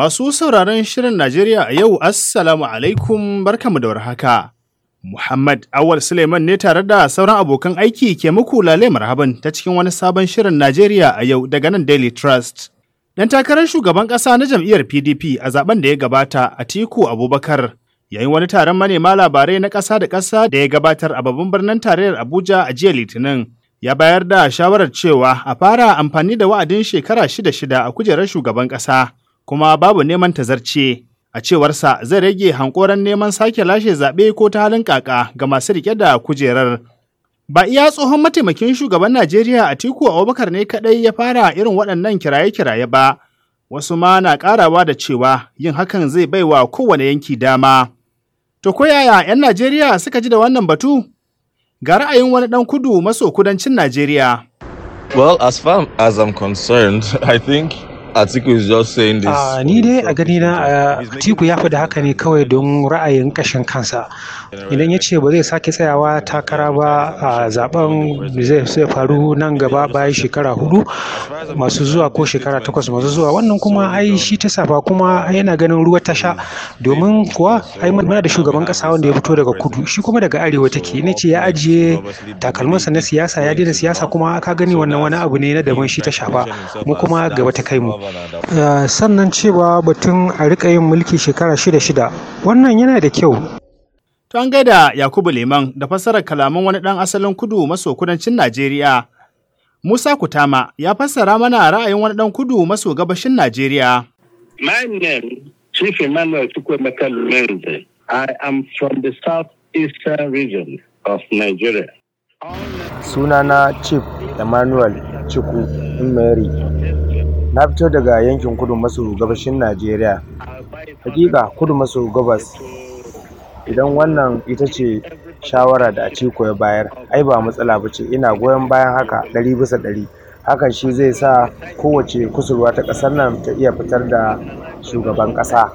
Masu sauraron Shirin Najeriya a yau, Assalamu alaikum barkamu da warhaka. Muhammad Awal Suleiman ne tare da sauran abokan aiki ke muku lale marhaban ta cikin wani sabon Shirin Najeriya a yau daga nan Daily Trust. ɗan takarar shugaban ƙasa na jam'iyyar PDP a zaben da ya gabata a Tiku Abubakar yayin wani taron manema labarai na ƙasa da ƙasa da ya gabatar a babban birnin tarayyar Abuja a jiya Litinin. Ya bayar da shawarar cewa a fara amfani da wa'adin shekara shida-shida a kujerar shugaban ƙasa. kuma babu neman tazarce. A cewarsa zai rage hankoran neman sake lashe zaɓe ko ta halin kaka ga masu riƙe da kujerar. Ba iya tsohon mataimakin shugaban Najeriya a Atiku Abubakar ne kaɗai ya fara irin waɗannan kiraye-kiraye ba, wasu ma na ƙarawa da cewa yin hakan zai baiwa kowane yanki dama. To ko yaya 'yan Najeriya suka ji da wannan batu? Ga ra'ayin wani ɗan kudu maso kudancin Najeriya. Well, as far as I'm concerned, I think Atiku is just saying this. Ah, ni dai a gani na Atiku ah, ya faɗi haka ne kawai don ra'ayin kashin kansa. idan ya ce ba zai sake tsayawa takara ba a zaben zai faru nan gaba bayan shekara hudu masu zuwa ko shekara takwas masu zuwa wannan kuma ai shi ta safa kuma yana ganin ruwa ta sha domin kuwa ai mana da shugaban kasa wanda ya fito daga kudu shi kuma daga arewa take ne ce ya ajiye takalmansa na siyasa ya daina siyasa kuma ka gani wannan wani abu ne na daban shi ta shafa mu kuma gaba ta kai mu sannan cewa batun a rika yin mulki shekara shida shida wannan yana da kyau To an gaida Yakubu Liman da fassarar kalaman wani ɗan asalin kudu maso kudancin Najeriya. Musa Kutama ya fassara mana ra'ayin wani ɗan kudu maso gabashin Najeriya. My name, Chief Emmanuel Chukwemeka I am from the southeastern region of Nigeria. Sunana Chief Emmanuel Chuku Mary. Na fito daga yankin kudu maso gabashin Najeriya. Hakika kudu maso gabas Idan wannan ita ce shawara da a Atiku ya bayar, ai ba matsala ba ce, ina goyon bayan haka ɗari bisa ɗari. Hakan shi zai sa kowace kusurwa ta ƙasar nan ta iya fitar da shugaban ƙasa,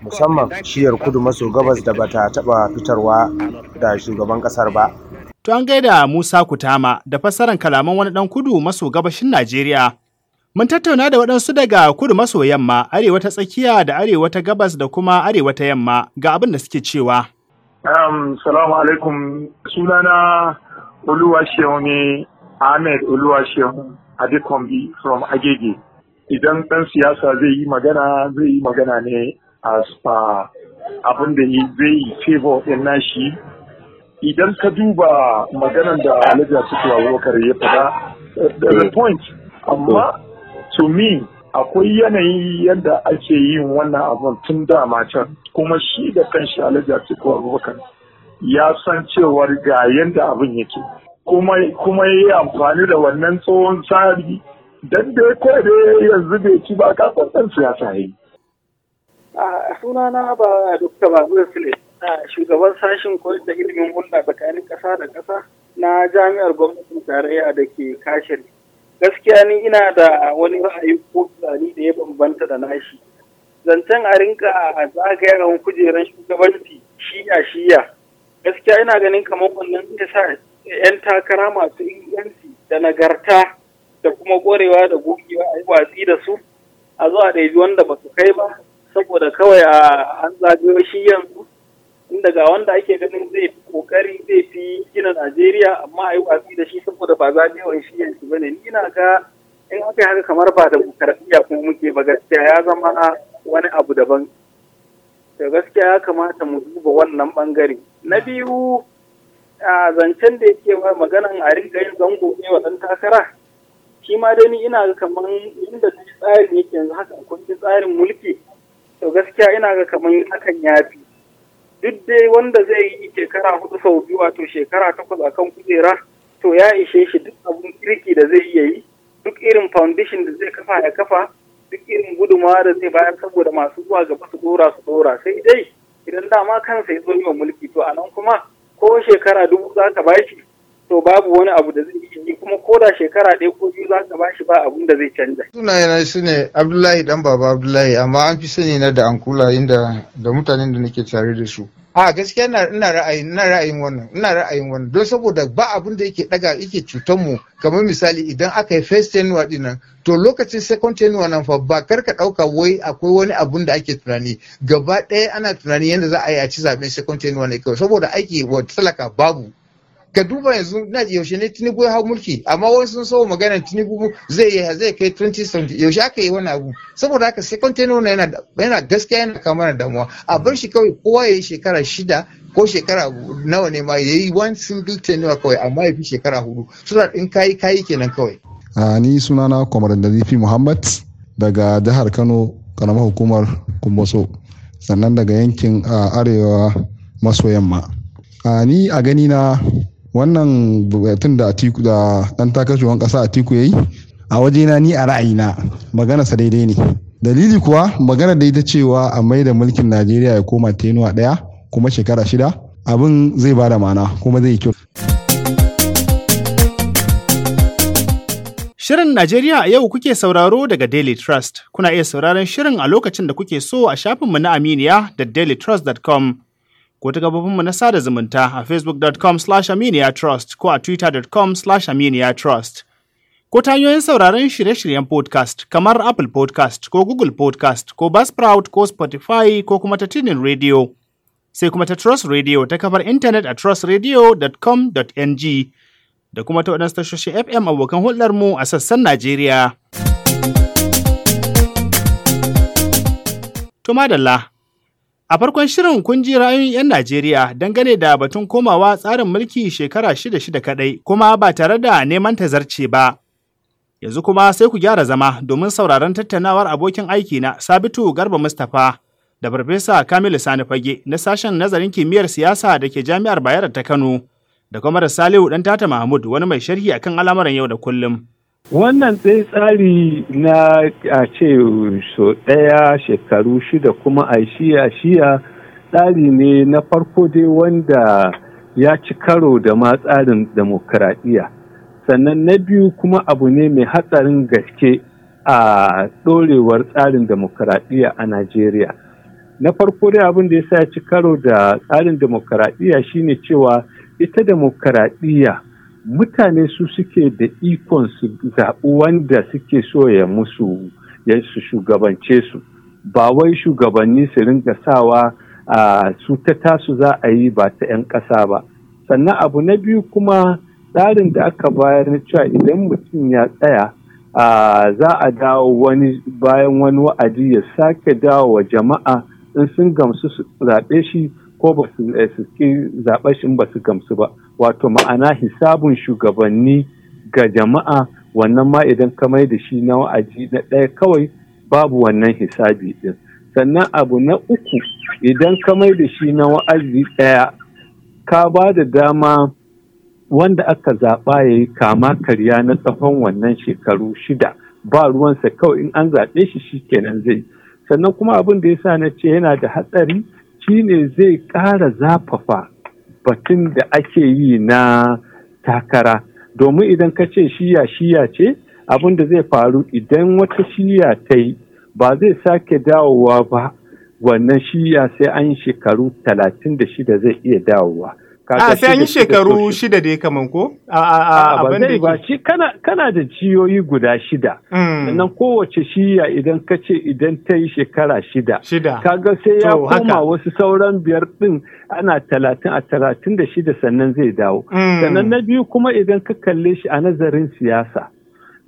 musamman shiyar kudu maso gabas da bata taɓa fitarwa da shugaban ƙasar ba. To an gaida Musa Kutama da fassarar kalaman wani ɗan kudu maso gabashin Najeriya. Mun tattauna da waɗansu daga kudu maso yamma, arewa ta tsakiya da arewa ta gabas da kuma arewa ta yamma ga abin da suke cewa. salamu alaikum sunana Oluwa ne Ahmed Oluwaseun Adekombi from Agege. Idan ɗan siyasa zai yi magana zai yi magana ne as abin da zai yi favor ɗin nashi. Idan ka duba maganan da Alhaji Atiku Abubakar ya faɗa, the point. Amma to me akwai yanayi yadda ake yin wannan abun tun dama can kuma shi da kanshi alhaji cikin abubakar ya san cewar ga yadda abin yake kuma ya yi amfani da wannan tsohon tsari don da kawai da yanzu bai ci ba kafin ɗan siyasa yi. a sunana ba Dokta ba sule shugaban sashen kwari da ilimin hulɗa tsakanin ƙasa da ƙasa na jami'ar gwamnatin tarayya da ke kashe gaskiya ni ina da wani ra'ayi ko tunani da ya bambanta da nashi zancen a rinka a zagayen kujeran shugabanci shiya shiya gaskiya ina ganin kamar wannan zai sa 'yan takara masu inganci da nagarta da kuma korewa da gogewa a yi watsi da su a zo a ɗaibi wanda ba su kai ba saboda kawai a an zagayo shi yanzu inda ga wanda ake ganin zai kokari zai fi gina Najeriya amma a yi watsi da shi saboda ba za mu yawan shi yanzu bane ni na ga in aka yi haka kamar ba da karfiya kuma muke ba gaskiya ya zama wani abu daban da gaskiya ya kamata mu duba wannan bangare na biyu a zancen da yake maganan a ringa yin zango ne wa takara shi ma dai ni ina ga kamar inda tsarin yake yanzu haka akwai tsarin mulki to gaskiya ina ga kamar hakan ya fi duk dai wanda zai yi shekara hudu sau biyu wato shekara takwas a kan kujera to ya ishe shi duk abun kirki da zai iya yi duk irin foundation da zai kafa ya kafa duk irin gudunmawa da zai bayar saboda masu zuwa gaba su dora su dora sai dai idan dama kansa ya zo yi wa mulki to anan kuma ko shekara dubu za ka bashi to babu wani abu da zai yi kuma ko da shekara ɗaya ko biyu za ka bashi ba abun da zai canza. Sunayena su ne Abdullahi dan baba Abdullahi amma an fi sani na da ankula inda da mutanen da nake tare da su. A gaskiya ina ra'ayin ina ra'ayin wannan ina ra'ayin wannan don saboda ba abun da yake daga yake cutar mu kamar misali idan aka yi first tenure dinnan to lokacin second tenure nan fa ba kar ka dauka wai akwai wani abun da ake tunani gaba ɗaya ana tunani yadda za a yi a ci zaben second tenure ne kawai saboda aiki wa talaka babu. Ga duba yanzu na yaushe ne tinubu ya hau mulki amma wani sun so maganar tinubu zai yi zai kai 2017 yaushe aka yi wani abu saboda haka sai kwanteno yana yana gaskiya yana da damuwa a bar shi kawai kowa ya yi shekara shida ko shekara nawa ne ma ya yi one single tenure kawai amma ya fi shekara hudu suna in kayi kayi kenan kawai. a ni sunana kwamarin da muhammad daga jihar kano karamar hukumar kumbaso sannan daga yankin arewa maso yamma a ni a gani na wannan bukatun da atiku da dan a kasa atiku yayi a wajena ni a ra'ayina sa daidai ne dalili kuwa magana da ita cewa a mai da mulkin najeriya ya koma tenuwa daya kuma shekara shida abin zai ba da ma'ana kuma zai kyau Shirin Najeriya a yau kuke sauraro daga Daily Trust. Kuna iya sauraron shirin a lokacin da kuke so a shafinmu na Aminiya da dailytrust.com ko ta gabafinmu na sada zumunta a facebook.com slash aminiyatrust ko a twitter.com slash aminiyatrust. Ko ta hanyoyin sauraron shirye-shiryen podcast kamar Apple podcast ko Google podcast ko Buzzsprout ko Spotify ko kuma ta tunin radio. Sai kuma ta Trust Radio ta kafar intanet a trustradio.com.ng da kuma ta waɗansu tashoshin FM abokan hulɗarmu a sassan Najeriya. Tuma A farkon shirin kun ji ra'ayoyin 'yan Najeriya dangane da batun komawa tsarin mulki shekara shida shida kaɗai kuma ba tare da neman ta zarce ba. Yanzu kuma sai ku gyara zama domin sauraron tattaunawar abokin aiki na Sabitu Garba Mustapha da Farfesa Kamilu Sani Fage na sashen nazarin kimiyyar siyasa da ke Jami'ar Bayero ta Kano da kuma salihu Salihu tata Mahmud wani mai sharhi akan al'amuran yau da kullum. wannan tsaye tsari na a ce so ɗaya shekaru shida kuma a shiya shiya tsari ne na farko dai wanda ya ci karo da ma tsarin demokuraɗiyya sannan na biyu kuma abu ne mai hatsarin gaske a ɗorewar tsarin demokuraɗiyya a najeriya na farko dai abin da ya sa ci karo da tsarin demokuraɗiyya shine cewa ita demokuraɗiyya mutane su suke da ikon su zaɓi wanda suke so ya musu ya su shugabance su ba wai shugabanni su ringa sawa a su ta tasu za a yi ba ta 'yan ƙasa ba sannan abu na biyu kuma tsarin da aka bayar na cewa idan mutum ya tsaya za a dawo wani bayan wani wa'adi ya sake dawo wa jama'a in sun gamsu su zaɓe shi ko ba su eh, zaɓa shi ba su gamsu ba wato ma'ana hisabun shugabanni ga jama'a wannan ma idan ka mai da shi na wa'aji na ɗaya kawai babu wannan hisabi ɗin sannan abu na uku idan ka mai da shi na wa'azi ɗaya ka ba da dama wanda aka zaɓa ya yi kama karya na tsawon wannan shekaru shida ba ruwansa kawai in an zaɓe shi shi kenan zai sannan kuma abin da ya sa na ce yana da hatsari shine zai ƙara zafafa batun da ake yi na takara domin idan ka ce shiya shiya ce abin da zai faru idan wata shiya ta yi ba zai sake dawowa ba wannan shiya sai an shekaru talatin da shida zai iya dawowa Ah, sai an yi shekaru shida dai kaman ko? A abin da ba shi kana da ciyoyi guda shida. Hmm. Sannan kowace shiya idan ka ce idan ta yi shekara shida. Shida. Kaga sai ya koma wasu sauran biyar ɗin ana talatin a talatin da shida sannan zai dawo. Hmm. Sannan na biyu kuma idan ka kalle shi a nazarin siyasa.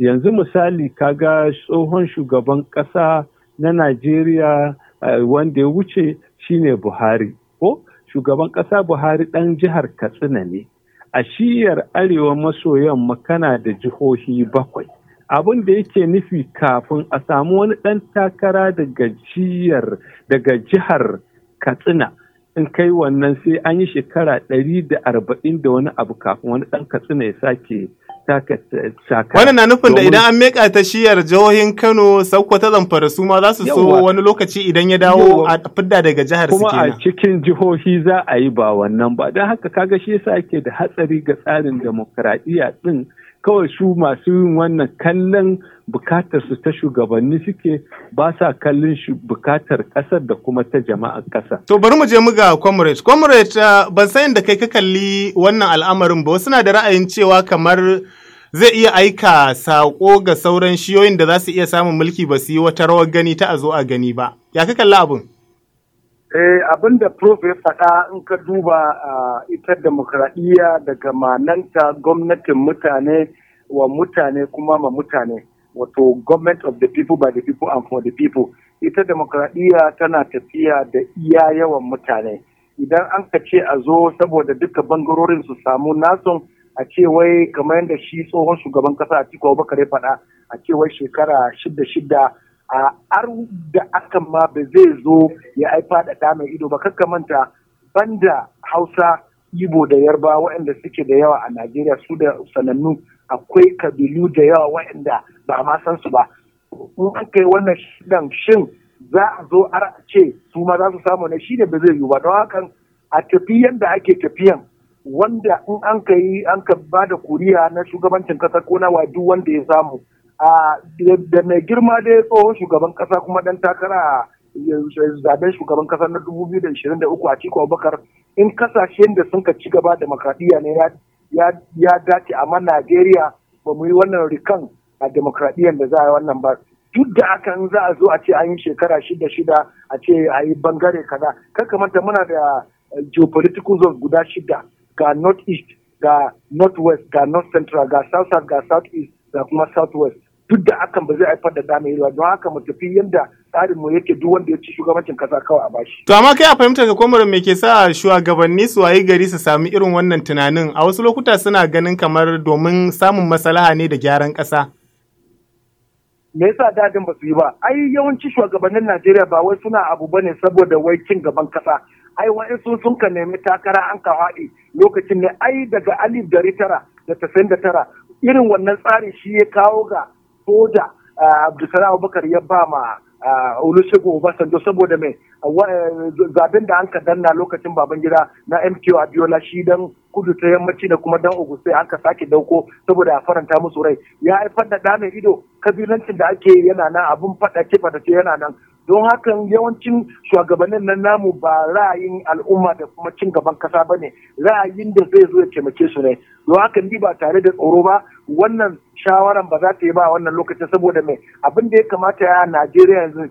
Yanzu misali kaga tsohon shugaban ƙasa na Najeriya eh, wanda ya wuce shine Buhari. Ko? shugaban ƙasa buhari ɗan jihar katsina ne a shiyar arewa maso yamma kana da jihohi bakwai abin da yake nufi kafin a samu wani ɗan takara daga jihar daga jihar katsina in kai wannan sai an yi shekara ɗari da arba'in da wani abu kafin wani ɗan katsina ya sake Wannan na nufin da idan an meka ta shiyar jihohin Kano, Sokoto, Zamfara su ma za su so wani lokaci idan ya dawo a fidda daga jihar Kuma a cikin jihohi za a yi ba wannan ba. Don haka kaga shi yasa ake da hatsari ga tsarin demokradiyya din kawai su masu yin wannan kallon bukatar su ta shugabanni suke ba sa kallon bukatar kasar da kuma ta jama'ar kasa. To bari mu je mu ga comrade. Comrade uh, ban san da kai ka kalli wannan al'amarin ba wasu na da ra'ayin cewa kamar zai iya aika saƙo ga sauran shiyoyin da za su iya samun mulki ba su yi wata rawar gani ta a zo a gani ba. Ya ka kalli abin? Eh, abin da prof ya faɗa in ka duba a ita demokradiyya daga mananta gwamnatin mutane wa mutane kuma ma mutane wato government of the people by the people and for the people ita demokradiyya tana tafiya da iya yawan mutane idan an ka ce a zo saboda duka bangarorin su samu nasun a ce wai kamar yadda shi tsohon shugaban kasa a cikin abubakar ya faɗa a ce wai shekara shida shidda a har da akan ma ba zai zo ya aifa da mai ido ba kakka manta banda hausa ibo da yarba waɗanda suke da yawa a najeriya su da sanannu akwai kabilu da yawa waɗanda ba ma san su ba in an kai wannan shidan shin za a zo a ce su ma za su samu ne shi da ba zai yi ba don hakan a tafiyan da ake tafiyan wanda in an ka an ka ba da kuriya na shugabancin kasar ko na duk wanda ya samu da mai girma dai tsohon shugaban kasa kuma dan takara zaben shugaban kasa na 2023 a cikin Abubakar in kasashen da sun ka ci gaba demokradiyya ne ya dace amma Najeriya ba mu yi wannan rikan a demokradiyyar da za a yi wannan ba duk da aka za a zo a ce an yi shekara shida shida a ce a yi bangare kaza kar kamata muna da eh, geopolitical zones guda shida ga north east ga north west ga north central ga south south ga south east ga kuma south west duk da hakan ba zai haifar da dama yiwa don haka mu tafi yadda tsarin mu yake duk wanda ya ci shugabancin kasa kawai a bashi. To amma kai a fahimtar ka komar me ke sa shugabanni su wayi gari su sami irin wannan tunanin a wasu lokuta suna ganin kamar domin samun maslaha ne da gyaran kasa. me yasa dadin ba su yi ba ai yawanci shugabannin Najeriya ba wai suna abu ba ne saboda wai cin gaban kasa ai wai sun sun ka nemi takara an ka haɗe lokacin ne ai daga alif dari tara da tasirin da tara irin wannan tsarin shi ya kawo ga rabo da Abdulsalam Abubakar ya ba ma Olusegun Obasanjo saboda mai zaben da an ka danna lokacin baban gida na MKO Abiola shi dan kudu ta yammaci da kuma dan Ogusai an ka sake dauko saboda a faranta musu rai ya haifar da damar ido kabilancin da ake yana nan abun fada ce yana nan don hakan yawancin shugabannin nan namu ba ra'ayin al'umma da kuma cin gaban kasa ba ne ra'ayin da zai zo ya taimake su ne don haka ni ba tare da tsoro ba wannan shawaran ba za ta yi ba a wannan lokacin saboda mai abin da ya kamata ya Najeriya yanzu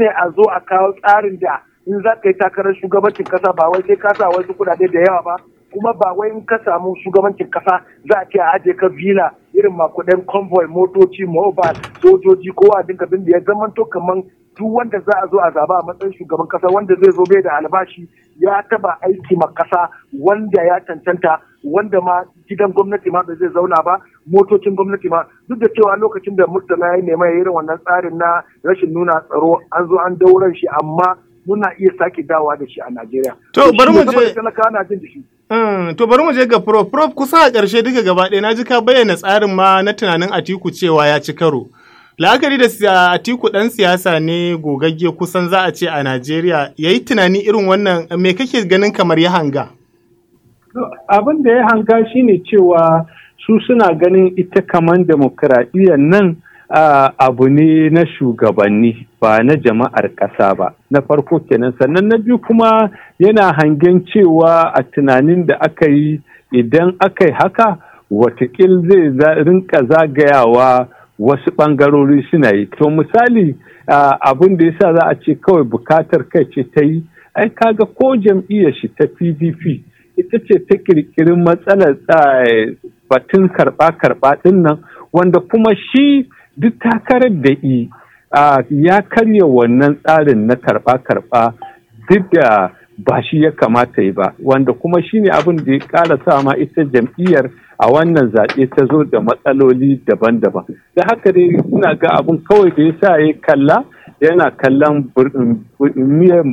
ne a zo a kawo tsarin da in za ka yi takarar shugabancin kasa ba wai sai ka sa wasu kudade da yawa ba kuma ba wai in ka samu shugabancin kasa za a ce a aje ka vila irin makudan convoy motoci mobile sojoji ko a dinka bin da ya zamanto kaman duk wanda za a zo a zaba a matsayin shugaban kasa wanda zai zo bai da albashi ya taba aiki ma kasa wanda ya cancanta wanda ma gidan gwamnati ma ba zai zauna ba motocin gwamnati ma duk da cewa lokacin da murtala ya nema irin wannan tsarin na rashin nuna tsaro an zo an dauran shi amma muna iya sake dawa da shi a Najeriya. To bari mu je hmm, to bari mu je ga prof prof kusa a ƙarshe duka gaba ɗaya na ji ka bayyana tsarin ma na tunanin Atiku cewa ya ci karo. La'akari da Atiku ɗan siyasa ne gogagge kusan za a ce a Najeriya ya yi tunani irin wannan me kake ganin kamar ya hanga? abin da ya hanga shi ne cewa su suna ganin ita kamar demokuraɗiyyar nan abu ne na shugabanni ba na jama'ar ƙasa ba na farko kenan sannan na biyu kuma yana hangen cewa a tunanin da aka yi idan aka yi haka watakil zai rinka zagayawa wasu ɓangarori suna yi to misali abin da yasa za a ce kawai bukatar kai ce ta yi ai kaga ko jam'iyyar shi ta pdp ita ce ta ƙirƙirin matsalar eh, batun karɓa-karɓa din nan wanda kuma shi duk takarar da yi ya karya wannan tsarin na karɓa-karɓa duk da ba shi ya kamata yi ba wanda kuma shi ne abin da ya ƙara sama ma ita jam'iyyar a wannan zaɓe ta zo da matsaloli daban-daban da haka dai suna ga abin kawai da ya sa ya kalla yana kallon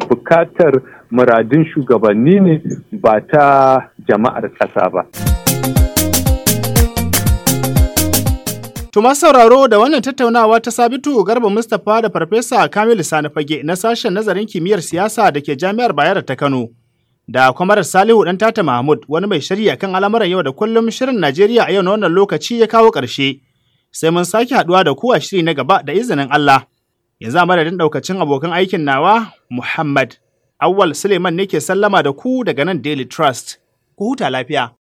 bukatar muradin shugabanni ne ba ta jama'ar ƙasa ba. Tuma sauraro da wannan tattaunawa ta Sabitu Garba Mustapha da Farfesa Kamilu Sani Fage na sashen nazarin kimiyyar siyasa da ke Jami'ar Bayero ta Kano. Da kwamarar Salihu ɗan Tata Mahmud wani mai shari'a kan al'amuran yau da kullum shirin Najeriya a yau na wannan lokaci ya kawo ƙarshe. Sai mun sake haɗuwa da ku shiri na gaba da izinin Allah. Yanzu a madadin ɗaukacin abokan aikin nawa Muhammad Awwal Suleiman ne ke sallama da ku daga nan Daily Trust. Ku huta lafiya.